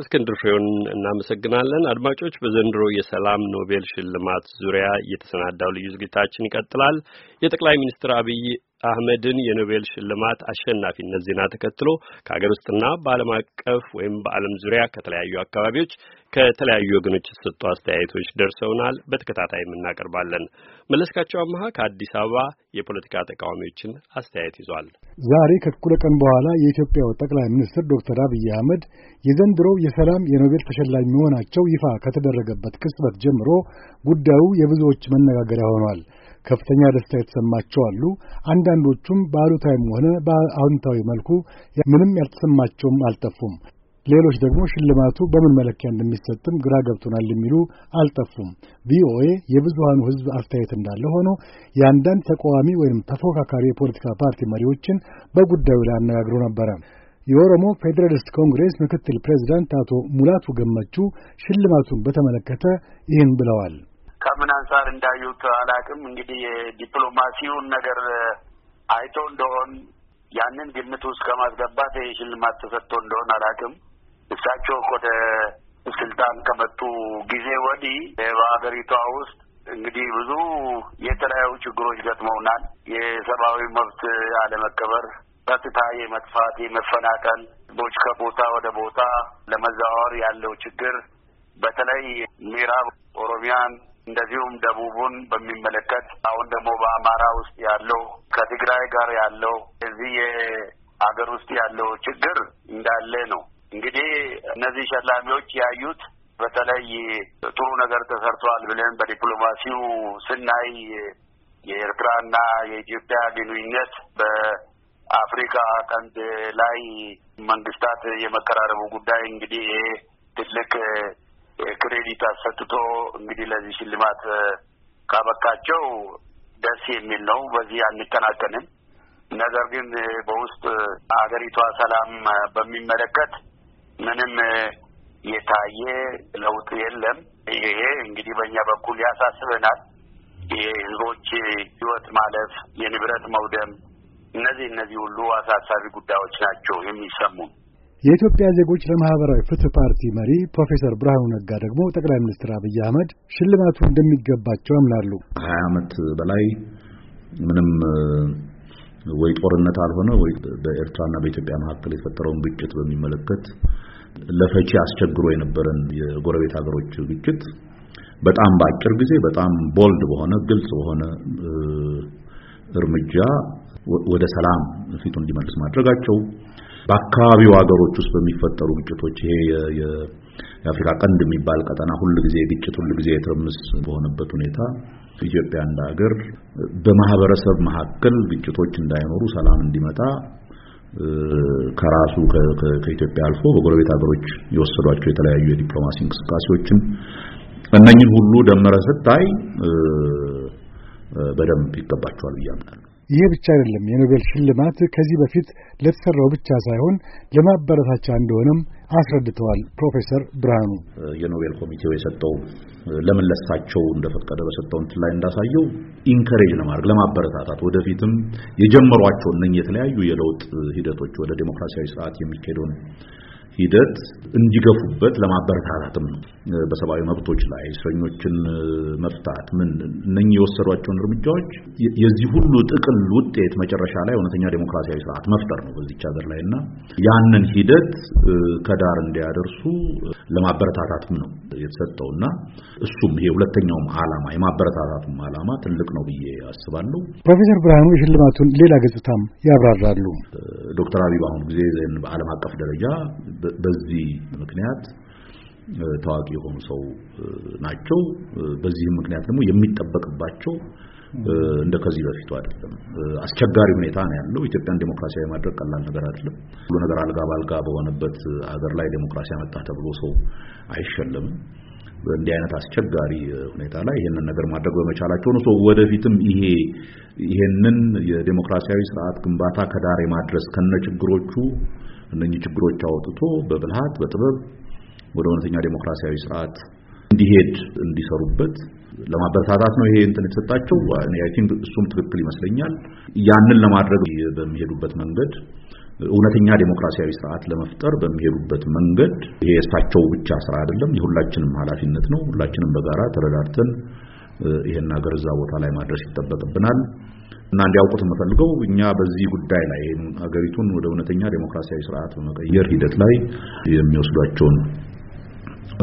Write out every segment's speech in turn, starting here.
እስክንድር ፍሬውን እናመሰግናለን። አድማጮች፣ በዘንድሮ የሰላም ኖቤል ሽልማት ዙሪያ የተሰናዳው ልዩ ዝግጅታችን ይቀጥላል። የጠቅላይ ሚኒስትር አብይ አህመድን የኖቤል ሽልማት አሸናፊነት ዜና ተከትሎ ከሀገር ውስጥና በዓለም አቀፍ ወይም በዓለም ዙሪያ ከተለያዩ አካባቢዎች ከተለያዩ ወገኖች የተሰጡ አስተያየቶች ደርሰውናል። በተከታታይ እናቀርባለን። መለስካቸው አመሃ ከአዲስ አበባ የፖለቲካ ተቃዋሚዎችን አስተያየት ይዟል። ዛሬ ከእኩለ ቀን በኋላ የኢትዮጵያው ጠቅላይ ሚኒስትር ዶክተር አብይ አህመድ የዘንድሮው የሰላም የኖቤል ተሸላሚ መሆናቸው ይፋ ከተደረገበት ቅጽበት ጀምሮ ጉዳዩ የብዙዎች መነጋገሪያ ሆኗል። ከፍተኛ ደስታ የተሰማቸው አሉ። አንዳንዶቹም በአሉታዊም ሆነ በአዎንታዊ መልኩ ምንም ያልተሰማቸውም አልጠፉም። ሌሎች ደግሞ ሽልማቱ በምን መለኪያ እንደሚሰጥም ግራ ገብቶናል የሚሉ አልጠፉም። ቪኦኤ የብዙሃኑ ሕዝብ አስተያየት እንዳለ ሆኖ የአንዳንድ ተቃዋሚ ወይም ተፎካካሪ የፖለቲካ ፓርቲ መሪዎችን በጉዳዩ ላይ አነጋግሮ ነበረ። የኦሮሞ ፌዴራሊስት ኮንግሬስ ምክትል ፕሬዚዳንት አቶ ሙላቱ ገመቹ ሽልማቱን በተመለከተ ይህን ብለዋል። ከምን አንጻር እንዳዩት አላቅም። እንግዲህ የዲፕሎማሲውን ነገር አይቶ እንደሆን ያንን ግምት ውስጥ ከማስገባት ሽልማት ተሰጥቶ እንደሆን አላቅም። እሳቸው ወደ ስልጣን ከመጡ ጊዜ ወዲህ በሀገሪቷ ውስጥ እንግዲህ ብዙ የተለያዩ ችግሮች ገጥመውናል። የሰብአዊ መብት አለመከበር፣ ጸጥታ የመጥፋት የመፈናቀል፣ ቦች ከቦታ ወደ ቦታ ለመዘዋወር ያለው ችግር በተለይ ምዕራብ ኦሮሚያን እንደዚሁም ደቡቡን በሚመለከት አሁን ደግሞ በአማራ ውስጥ ያለው ከትግራይ ጋር ያለው እዚህ የሀገር ውስጥ ያለው ችግር እንዳለ ነው። እንግዲህ እነዚህ ሸላሚዎች ያዩት በተለይ ጥሩ ነገር ተሰርቷል ብለን በዲፕሎማሲው ስናይ የኤርትራና የኢትዮጵያ ግንኙነት በአፍሪካ ቀንድ ላይ መንግስታት የመቀራረቡ ጉዳይ እንግዲህ ይሄ ትልቅ ክሬዲት አሰጥቶ እንግዲህ ለዚህ ሽልማት ካበቃቸው ደስ የሚል ነው። በዚህ አንቀናቀንም። ነገር ግን በውስጥ አገሪቷ ሰላም በሚመለከት ምንም የታየ ለውጥ የለም። ይሄ እንግዲህ በእኛ በኩል ያሳስበናል። የህዝቦች ህይወት ማለፍ፣ የንብረት መውደም፣ እነዚህ እነዚህ ሁሉ አሳሳቢ ጉዳዮች ናቸው የሚሰሙ የኢትዮጵያ ዜጎች ለማህበራዊ ፍትህ ፓርቲ መሪ ፕሮፌሰር ብርሃኑ ነጋ ደግሞ ጠቅላይ ሚኒስትር አብይ አህመድ ሽልማቱ እንደሚገባቸው አምናሉ። ከሀያ ዓመት በላይ ምንም ወይ ጦርነት አልሆነ ወይ በኤርትራና በኢትዮጵያ መካከል የተፈጠረውን ግጭት በሚመለከት ለፈቺ አስቸግሮ የነበረን የጎረቤት ሀገሮች ግጭት በጣም በአጭር ጊዜ በጣም ቦልድ በሆነ ግልጽ በሆነ እርምጃ ወደ ሰላም ፊቱን እንዲመልስ ማድረጋቸው በአካባቢው ሀገሮች ውስጥ በሚፈጠሩ ግጭቶች ይሄ የአፍሪካ ቀንድ የሚባል ቀጠና ሁል ጊዜ ግጭት ሁል ጊዜ የትርምስ በሆነበት ሁኔታ ኢትዮጵያ እንደ ሀገር በማህበረሰብ መካከል ግጭቶች እንዳይኖሩ ሰላም እንዲመጣ ከራሱ ከኢትዮጵያ አልፎ በጎረቤት ሀገሮች የወሰዷቸው የተለያዩ የዲፕሎማሲ እንቅስቃሴዎችን እነኝን ሁሉ ደመረ ስታይ በደንብ ይገባቸዋል ብዬ አምናለሁ። ይህ ብቻ አይደለም። የኖቤል ሽልማት ከዚህ በፊት ለተሰራው ብቻ ሳይሆን ለማበረታቻ እንደሆነም አስረድተዋል ፕሮፌሰር ብርሃኑ። የኖቤል ኮሚቴው የሰጠው ለመለሳቸው እንደፈቀደ በሰጠው እንትን ላይ እንዳሳየው ኢንከሬጅ ለማድረግ ለማበረታታት፣ ወደፊትም የጀመሯቸው እነኚህ የተለያዩ የለውጥ ሂደቶች ወደ ዴሞክራሲያዊ ስርዓት የሚካሄደውን ሂደት እንዲገፉበት ለማበረታታትም ነው። በሰብአዊ መብቶች ላይ እስረኞችን መፍታት ምን እነኚህ የወሰዷቸውን እርምጃዎች የዚህ ሁሉ ጥቅል ውጤት መጨረሻ ላይ እውነተኛ ዴሞክራሲያዊ ስርዓት መፍጠር ነው በዚች ሀገር ላይ እና ያንን ሂደት ከዳር እንዲያደርሱ ለማበረታታትም ነው የተሰጠው እና እሱም ይሄ ሁለተኛውም ዓላማ የማበረታታቱም ዓላማ ትልቅ ነው ብዬ አስባለሁ። ፕሮፌሰር ብርሃኑ የሽልማቱን ሌላ ገጽታም ያብራራሉ። ዶክተር አብይ በአሁኑ ጊዜ በዓለም አቀፍ ደረጃ በዚህ ምክንያት ታዋቂ የሆኑ ሰው ናቸው። በዚህም ምክንያት ደግሞ የሚጠበቅባቸው እንደ ከዚህ በፊቱ አይደለም። አስቸጋሪ ሁኔታ ነው ያለው። ኢትዮጵያን ዴሞክራሲያዊ ማድረግ ቀላል ነገር አይደለም። ሁሉ ነገር አልጋ ባልጋ በሆነበት አገር ላይ ዴሞክራሲ አመጣ ተብሎ ሰው አይሸለምም። እንዲህ አይነት አስቸጋሪ ሁኔታ ላይ ይሄንን ነገር ማድረግ በመቻላቸው ነው ሰው ወደፊትም ይሄ ይሄንን የዴሞክራሲያዊ ስርዓት ግንባታ ከዳር የማድረስ ከነ ችግሮቹ እነኚህ ችግሮች አውጥቶ በብልሃት በጥበብ ወደ እውነተኛ ዴሞክራሲያዊ ስርዓት እንዲሄድ እንዲሰሩበት ለማበረታታት ነው ይሄ እንትን የተሰጣቸው። አይ ቲንክ እሱም ትክክል ይመስለኛል። ያንን ለማድረግ በሚሄዱበት መንገድ እውነተኛ ዴሞክራሲያዊ ስርዓት ለመፍጠር በሚሄዱበት መንገድ ይሄ የእሳቸው ብቻ ስራ አይደለም፣ የሁላችንም ኃላፊነት ነው። ሁላችንም በጋራ ተረዳድተን ይሄን ሀገር እዛ ቦታ ላይ ማድረስ ይጠበቅብናል እና እንዲያውቁት የምፈልገው እኛ በዚህ ጉዳይ ላይ ሀገሪቱን ወደ እውነተኛ ዴሞክራሲያዊ ስርዓት በመቀየር ሂደት ላይ የሚወስዷቸውን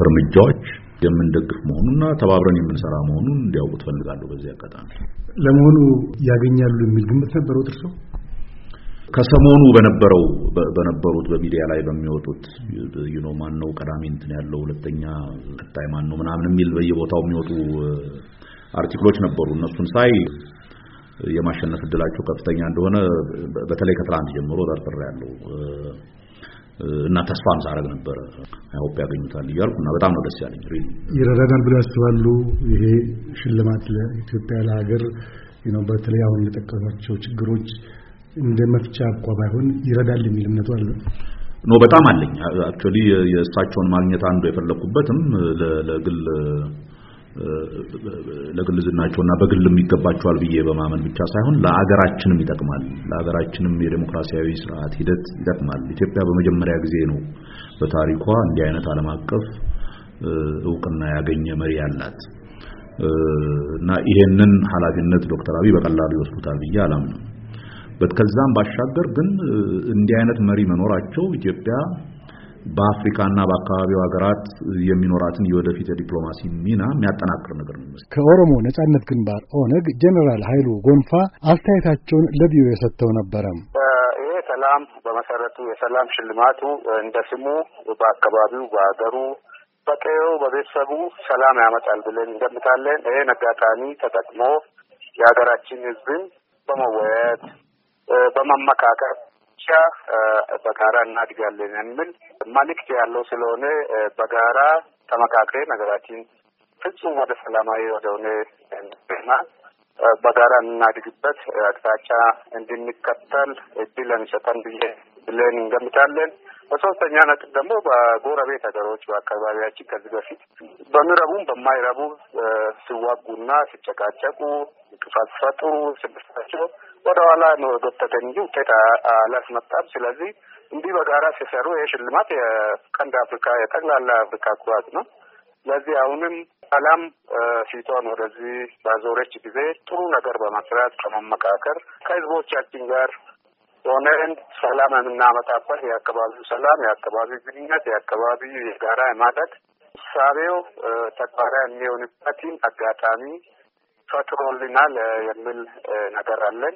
እርምጃዎች የምንደግፍ መሆኑና ተባብረን የምንሰራ መሆኑን እንዲያውቁት ፈልጋለሁ። በዚህ አጋጣሚ ለመሆኑ ያገኛሉ የሚል ግምት ነበረው እርሶ? ከሰሞኑ በነበረው በነበሩት በሚዲያ ላይ በሚወጡት ዩ ኖ ማን ነው ቀዳሚ እንትን ያለው ሁለተኛ ከታይ ማን ነው ምናምን የሚል በየቦታው የሚወጡ አርቲክሎች ነበሩ። እነሱን ሳይ የማሸነፍ እድላቸው ከፍተኛ እንደሆነ በተለይ ከትላንት ጀምሮ ጠርጥሬ ያለው እና ተስፋም ሳረግ ነበረ አይሆፕ ያገኙታል እያልኩ እና በጣም ነው ደስ ያለኝ። ይረዳናል ብለው ያስባሉ? ይሄ ሽልማት ለኢትዮጵያ ለሀገር በተለይ አሁን የጠቀሷቸው ችግሮች እንደ መፍቻ እንኳ ባይሆን ይረዳል የሚል እምነቱ አለ ኖ በጣም አለኝ። አክቹሊ የእሳቸውን ማግኘት አንዱ የፈለኩበትም ለግል ለግልዝናቸውና በግልም ይገባቸዋል ብዬ በማመን ብቻ ሳይሆን ለአገራችንም ይጠቅማል። ለአገራችንም የዴሞክራሲያዊ ስርዓት ሂደት ይጠቅማል። ኢትዮጵያ በመጀመሪያ ጊዜ ነው በታሪኳ እንዲህ አይነት ዓለም አቀፍ እውቅና ያገኘ መሪ ያላት እና ይሄንን ኃላፊነት ዶክተር አብይ በቀላሉ ይወስዱታል ብዬ አላምንም። ከዛም ባሻገር ግን እንዲህ አይነት መሪ መኖራቸው ኢትዮጵያ በአፍሪካና በአካባቢው ሀገራት የሚኖራትን የወደፊት የዲፕሎማሲ ሚና የሚያጠናክር ነገር ነው ይመስል ከኦሮሞ ነጻነት ግንባር ኦነግ ጀኔራል ኃይሉ ጎንፋ አስተያየታቸውን ለቪኦኤ የሰጥተው ነበረ። ይሄ ሰላም በመሰረቱ የሰላም ሽልማቱ እንደ ስሙ በአካባቢው በሀገሩ በቀየው በቤተሰቡ ሰላም ያመጣል ብለን እንደምታለን። ይህን አጋጣሚ ተጠቅሞ የሀገራችን ሕዝብን በመወያየት በመመካከር ብቻ በጋራ እናድጋለን የሚል መልእክት ያለው ስለሆነ በጋራ ተመካክሬ ነገራችን ፍጹም ወደ ሰላማዊ ወደሆነ እና በጋራ እናድግበት አቅጣጫ እንድንከተል እድል ለሚሰጠን ብዬ ብለን እንገምታለን። በሶስተኛ ነጥብ ደግሞ በጎረቤት ሀገሮች በአካባቢያችን ከዚህ በፊት በሚረቡም በማይረቡ ሲዋጉና ሲጨቃጨቁ እንቅፋት ሲፈጥሩ ስብስባቸው ወደ ኋላ ነው የጎተተ እንጂ ውጤት አላስመጣም። ስለዚህ እንዲህ በጋራ ሲሰሩ ይህ ሽልማት የቀንድ አፍሪካ የጠቅላላ አፍሪካ ኩራት ነው። ስለዚህ አሁንም ሰላም ፊቷን ወደዚህ ባዞረች ጊዜ ጥሩ ነገር በመስራት ከመመካከር ከህዝቦቻችን ጋር ሆነን ሰላም የምናመጣበት የአካባቢው ሰላም፣ የአካባቢው ግንኙነት፣ የአካባቢው የጋራ የማደግ ሳቤው ተግባራዊ የሚሆንበትን አጋጣሚ ፈጥሮልናል የሚል ነገር አለን።